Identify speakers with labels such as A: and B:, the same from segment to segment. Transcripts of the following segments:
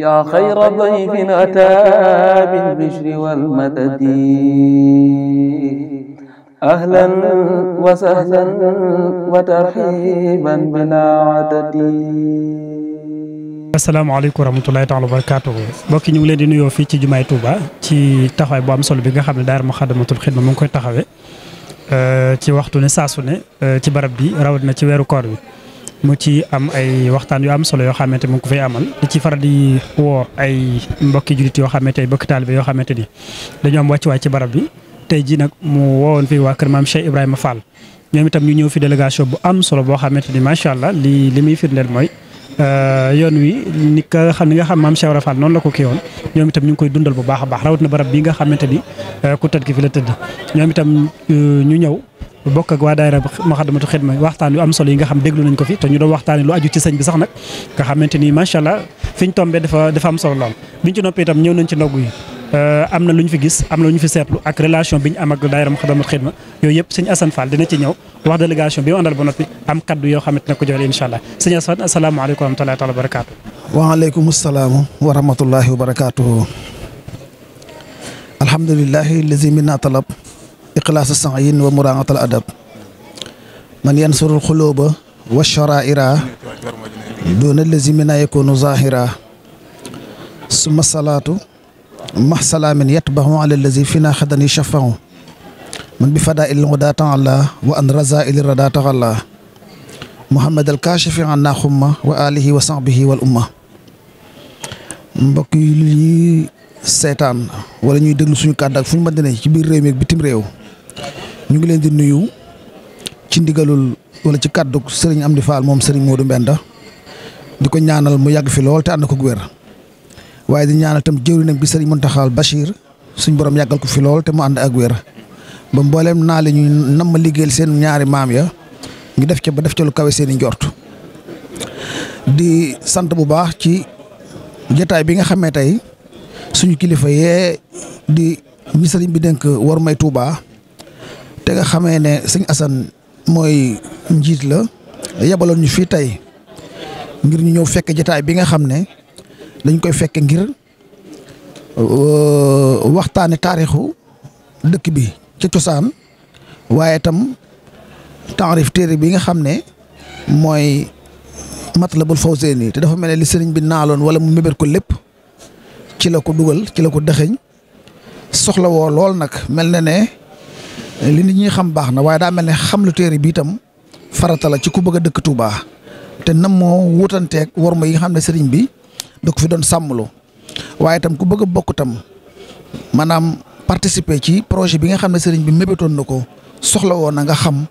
A: yaa xayra dayfin ataa bil bishri wal madadi wa sahlan wa tarhiiban bilaa adadi. asalaamaaleykum wa rahmatulahi taala wa barakaatuhu. mbokk ñu ngi leen di nuyoo fii ci jumaay Touba ci taxawaay bu am solo bi nga xam ne daara Muxaddamatul Xidma mu ngi koy taxawee euh, ci waxtu ne saasu su ne euh, ci barab bi rawatina ci weeru koor bi. mu ci am ay waxtaan yu am solo yoo xamante mu ngi ko fay amal di ci faral di woo ay mbokki jullit yoo xamante ay mbokki taalibe yoo xamante ni dañoo am wàccuwaay ci barab bi tey jii nag mu wowoon fi waa kër maam Cheikh Ibrahima Fall ñoom itam ñu ñëw fi délégation bu am solo boo xamante ni macha allah li li muy firndeel mooy Euh, yoon wi ni ka nga xam ni nga xam maam Cheikh Ibra noonu la ko kii woon ñoom itam ñu ngi koy dundal bu baax a baax rawatina barab bi nga xamante ni euh, ku tëdd ki fi la tëdd ñoom itam euh, ñu ñëw bokk ak waa daayira Moukhaddamatoul Khidma waxtaan yu am solo yi nga xam déglu nañ ko fi te ñu doon waxtaanee lu aju ci sëñ bi sax nag nga xamante ni macha allah fiñ tombee dafa dafa am solo lool biñ ci noppee itam ñëw nañ ci ndogu yi Euh, am na lu ñu fi gis am na lu ñu fi seetlu ak relation bi ñu am ak daayira Moukhaddamatoul Khidma yooyu yëpp sëñ Assane Fall dina ci ñëw wax délégation bi mu àndal ba noppi am kaddu yoo xamante ne ko joxe incha allah sëñ Assane asalaamaaleykum wa rahmatulahi taala wa barakaatu. waaleykum
B: salaam wa rahmatulahi wa barakaatu. alhamdulilahi lazi minna talab iqlaasa sa'yin wa muraa'atal adab man yansurul xuluuba wa sharaa'ira doona lazi minna yakunu zaahira suma salaatu mahsalaamin yatbahu ala allazi fi naa xadani shafahu man bi fadaa il wadaa taala wa an raza ili radaa taala muhammad al kaashifi an naa xumma wa alihi wa sahbihi wal umma mbokk yi ñuy seetaan wala ñuy déglu suñu kàddu fu ñu mën ci biir réew mi bitim réew ñu ngi leen di nuyu ci ndigalul wala ci kàddu sëriñ Amdi Fall moom sëriñ Modou Mbenda di ko ñaanal mu yàgg fi loolu te ànd ko wér waaye di ñaanal tam jëwriñam bi sëriñ Muntaxa Bachir suñ borom yàggal ko fi lool te mu ànd ak wér ba mbooleem naa la ñu nam ma liggéeyal seen ñaari maam ya ngi def ca ba def ca lu kawe seen i di sant bu baax ci jotaay bi nga xamee tey suñu kilifa yee di sëriñ bi dénk war may te nga xamee ne sëñ Assane mooy njiit la yebaloon ñu fii tey ngir ñu ñëw fekk jotaay bi nga xam ne dañ koy fekke ngir euh, waxtaane taarixu dëkk bi ci cosaan waaye itam taarif téere bi nga xam ne mooy Matlabul Fawzayni te dafa mel ne li sëriñ bi naaloon wala mu mébét ko lépp ci la ko dugal ci la ko dëxëñ soxla woo lool nag mel na ne li ni ñuy xam baax na waaye daa mel ne xam lu téere bi itam farata ci ku bëgg a dëkk tubaa te nam moo war worma yi nga xam ne sëriñ bi da ko fi doon sàmmloo waaye itam ku bëgg bokk tam maanaam participer ci projet bi nga xam ne sëriñ bi mébétoon na ko soxla woon na nga xam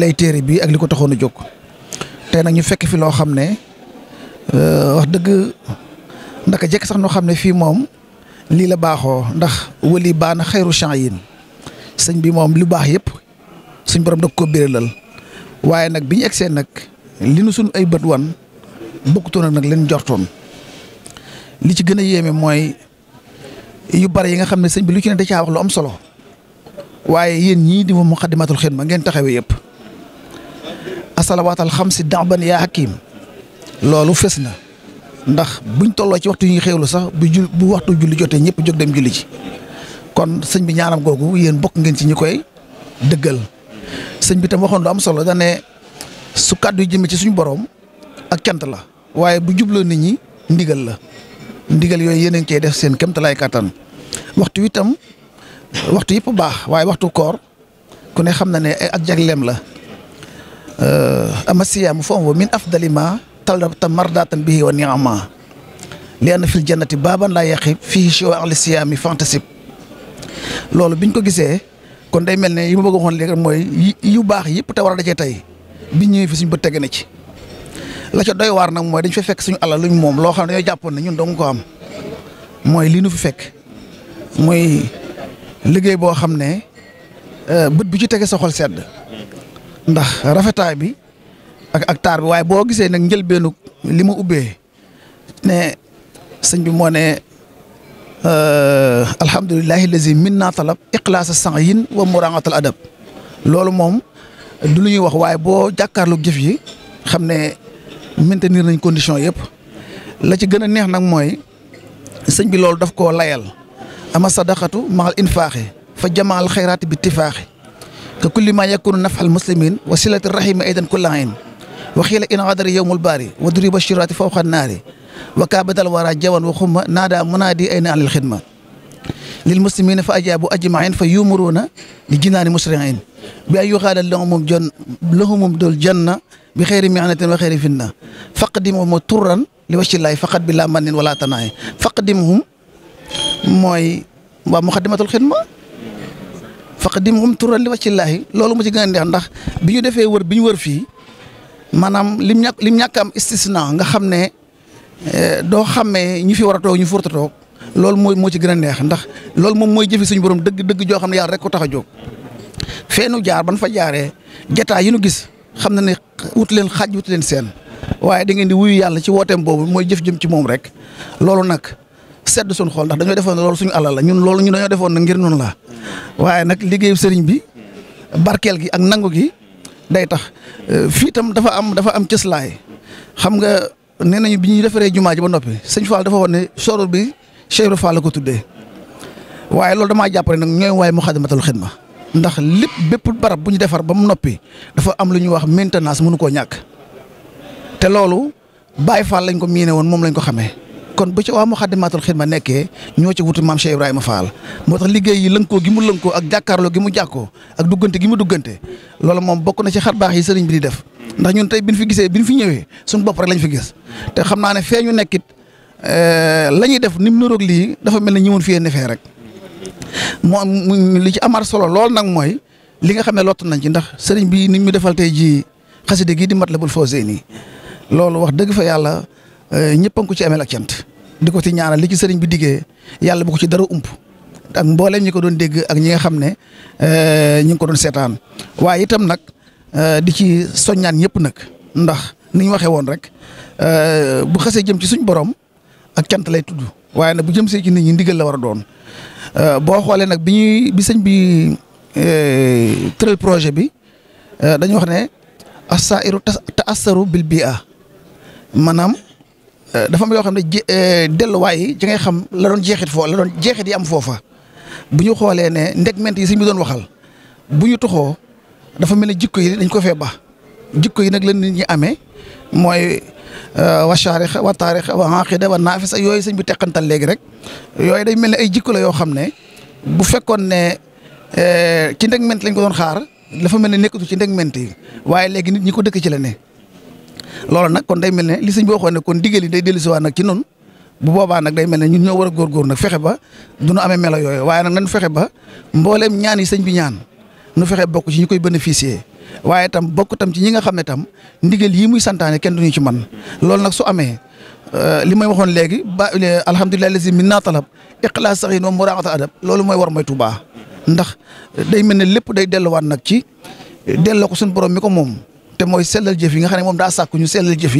B: lay téere bi ak li ko taxoon a jóg tey nag ñu fekk fi loo xam ne euh, wax dëgg ndaka jekk sax noo xam ne fii moom lii la baaxoo ndax wëli baana xayru shay'in sëñ bi moom lu baax yëpp suñ borom da ko biralal waaye nag bi ñu egsee nag li nu suñ ay bët wan bokkutoon nag leen jortoon li ci gën a yéeme mooy yu bari yi nga xam ne sëñ bi lu ci ne da caa wax lu am solo waaye yéen ñii di moom muqaddimatul xidma ngeen taxawee yëpp asalawaatal xam si daaban yaa hakim loolu fes na ndax buñ tolloo ci waxtu yi ñuy xéewlu sax bu jul bu waxtu julli jotee ñëpp jóg dem julli ji kon sëñ bi ñaanam googu yéen bokk ngeen ci ñi koy dëggal sëñ bi tam waxoon lu am solo da ne su kàddu yi jëmee ci suñu boroom ak cant la waaye bu jubloo nit ñi ndigal la ndigal yooyu yéen a ngi cey def seen kéemtalaay kattan waxtu wi tam waxtu yëpp baax waaye waxtu koor ku ne xam na ne ak jagleem la euh, ama siyaamu fa huwa min afdali tam talabta bi bihi wa ni'ama li anna fil jannati baaban laa yaqib fii si ahli siyaami fantasib loolu biñ ko gisee kon day mel ne yi ma bëgg a waxoon léegi mooy yu baax yëpp te war a dajee tey biñ ñëwee fi suñ bët tege na ci la ca doy waar nag mooy dañ fa fekk suñu alal luñ moom loo xam ne dañoo jàppoon ne ñun dong ko am mooy lii nu fekk mooy liggéey boo xam ne euh, bët bu ci tege sa xol sedd ndax rafetaay bi ak taar bi waaye boo gisee nag njëlbeenu li ma ubbee ne sëñ bi moo ne euh, alhamdulilahi lazi min naa talab iqlaasa sang yin wa muraatal adab loolu moom du lu ñuy wax waaye boo jàkkaarlu jëf yi xam ne maintenir nañ condition yëpp la ci gën a neex nag mooy sëñ bi loolu daf koo layal ama sadaqatu maal infaaxi fa jamaal xayraati bi tifaaxi ka kulli ma yakunu nafxal muslimin wa silati rahima aidan kullahin wa xiila in adari yowmul baari wa duriba shiraati fawqa naari wa kaabadal wara jawan wa xumma naada munaadi ayna anil xidma lil muslimina fa ajaabu ajmain fa yumuruuna li jinaani musriin bi ay yuxaala lahumum jon lahumum dol janna bi xeeri mi anatin wa xeeri fitna faqdimhum turran li wasillahi faqat bi laa manin wala tanaay faqdimhum mooy waa muxadimatul xidma faqdimhum turran li wasillahi loolu moo ci gën a neex ndax bi ñu defee wër bi ñu wër fii maanaam lim ñàkk lim ñàkk am istisna nga xam ne eh, doo xamee ñu fi war a toog ñu fi war a toog loolu mooy moo ci gën a neex ndax loolu moom mooy jëfi suñu borom dëgg dëgg joo xam ne yàlla rek ko tax a jóg feenu jaar ban fa jaaree jetaa yi nu gis xam na ne wut leen xaaj wut leen seen waaye da ngeen di wuyu yàlla ci wooteem boobu mooy jëf jëm ci moom rek loolu nag sedd suñu xool ndax dañoo defoon loolu suñu alal la ñun loolu ñu dañoo defoon na ngir noonu la waaye nag liggéeyu sëriñ bi barkeel gi ak nangu gi day tax euh, fii tam dafa am dafa am cëslaay xam nga nee nañu bi ñuy defaree jumaa ji ba noppi sëñ Fall dafa woon ne soror bi Cheikh Fall la ko tuddee waaye loolu damaa jàpp ne nag ñooy waay mu xadamatul xidma ndax lépp bépp barab bu ñu defar ba mu noppi dafa am lu ñuy wax maintenance mënu koo ñàkk te loolu Baay Faal lañ ko miine woon moom lañ ko xamee kon ba ci waa Muxaddamatul ma nekkee ñoo ci wutu maam Cheikh Ibrahima Fall moo tax liggéey yi lënkoo gi mu lënkoo ak jàkkaarloo gi mu jàkkoo ak duggante gi mu duggante loolu moom bokk na ci xar baax yi sëriñ bi di def ndax ñun tey bi ñu fi gisee bi ñu fi ñëwee suñu bopp rek lañ fi gis te xam naa ne fee ñu nekkit euh, la ñuy def ni mu niroog lii dafa mel ne ñëwoon fii ne rek moom li ci amar solo lool nag mooy li nga xam ne lott nañ ci ndax sëriñ bi ni ñu defal tey jii xaside gii di mat la Matlabul nii loolu wax dëgg fa yàlla euh, ñëpp a ci amee ak cant di ko ci ñaanal li ci sëriñ bi diggee yàlla bu ko ci dara ump ak mbooleem ñi ko doon dégg ak ñi nga xam ne euh, ñi ngi ko doon seetaan waaye itam nag euh, di ci soññaan ñëpp nag ndax ni ñu waxee woon rek bu xasee jëm ci suñ borom ak cant lay tudd waaye nag bu jëm see ci nit ñi ndigal la war a doon Euh, boo xoolee nag bi ñuy bi sëñ bi euh, tëral projet bi euh, dañu wax ne asairu ta assaru bil bia maanaam dafa am yoo xam ne delluwaay yi ji ngay xam la doon jeexit foo la doon jeexit am foofa bu ñu xoolee ne ndegment yi sëñ bi doon waxal bu ñu toxoo dafa mel ne jikko yi dañ ko fee ba jikko yi nag la nit ñi amee mooy Euh, wa charix wa taarix wa aqida wa naafis ak yooyu sëñ bi teqantal léegi rek yooyu day mel ne ay jikko la yoo xam ne bu fekkoon ne euh, ci ndeg ment lañ ko doon xaar dafa mel ne nekkatu ci ndeg ment yi waaye léegi nit ñi ko dëkk ci la ne. loolu nag kon day mel ne li sëñ bi waxoon ne kon digal yi day dellusiwaat nag ci noonu bu boobaa nag day mel ne ñun ñoo war a góorgóor nag fexe ba du nu amee melo yooyu waaye nag nañ fexe ba mbooleem ñaan yi sëñ bi ñaan. nu fexe bokk ci ñu koy bénéficier waaye tam bokk tam ci ñi nga xam ne tam ndigal yi muy santaane kenn duñu ci man loolu nag su amee euh, li may waxoon léegi ba euh, alhamdulilah lazi min naa talab iqlaas saxin wa muraaxata adab loolu mooy war mooy Tuubaa ndax day mel ne lépp day delluwaat nag ci delloo ko suñu borom mi ko moom te mooy sellal jëf yi nga xam ne moom daa sàkk ñu sellal jëf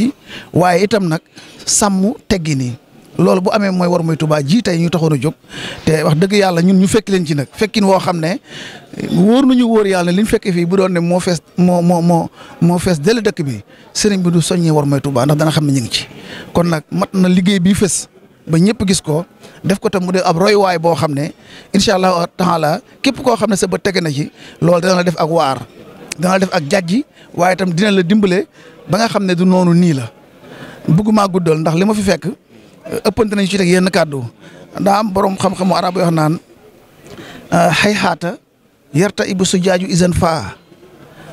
B: waaye itam nag sàmm teggi nii loolu boo amee mooy war mooy Tuubaa ji tey ñu taxoon a jóg wax dëgg yàlla ñun ñu fekk leen ci nag fekkin woo xam ne wóor nañu wóor yàlla ne li ñu fekkee fii bu doon ne moo fees moo moo moo moo fees dell dëkk bi sëriñ bi du soññee war mooy Touba ndax dana xam ne ñu ngi ci. kon nag mat na liggéey bi fës ba ñëpp gis ko def ko tam mu dee ab roy royuwaay boo xam ne incha allah taala képp koo xam ne sa ba tege na ci loolu dana la def ak waar. dana def ak jàjji waaye itam dina la dimbale ba nga xam ne du noonu nii la bëgguma guddal ndax li ma fi fekk euh, ëppante nañu ci teg yenn kàddu daa am borom xam-xamu arab yoo xam euh, yarta ibu sujaaju isan faa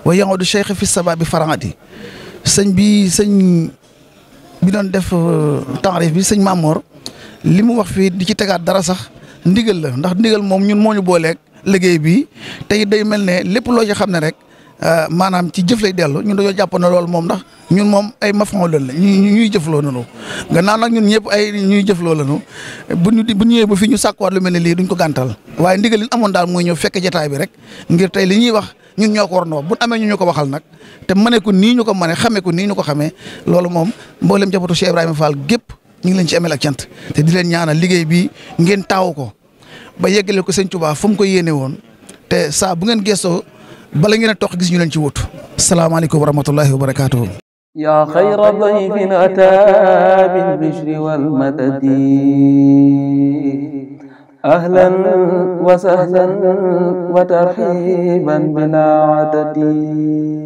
B: wa yango du cheikh fi saba bi farangati sëñ bi sëñ bi doon def uh, taarif bi sëñ Mamor li mu wax fii di ci tegaat dara sax ndigal la ndax ndigal moom ñun mooñu ñu booleeg liggéey bi tey day mel ne lépp loo ci xam ne rek Euh, maanaam ci jëfle lay dellu ñun dañoo jàpp na loolu moom ndax ñun moom ay mafon lën la ñu ñuy jëfloo nanu gannaaw nag ñun ñëpp ay ñuy jëfloo lanu bu ñu bu ñëwee ba fi ñu sàkkuwaat lu mel ne lii duñ ko gàntal waaye ndigal li amoon daal mooy ñëw fekk jataay bi rek ngir tey li ñuy wax ñu ñoo ko war wax bu amee ñu ñu ko waxal nag te mëne ko nii ñu ko mëne xamee ko nii ñu ko xamee loolu moom mboolem jabatu Cheikh Ibrahima Fall gépp ñu ngi leen ci amel ak cant te di leen ñaanal liggéey bi ngeen taaw ko ba yeggale ko sëñ Tuubaa fu mu ko yéene woon te saa bu ngeen gëstoo bala ngeen a toq gis ñu leen ci wutu salaamaaleykum wa rahmatullahi wa barakaatuhu
A: yaa xayra dayfin ataa bil bishri wal madadi ahlan wa sahlan wa tarhiiban bilaa adadi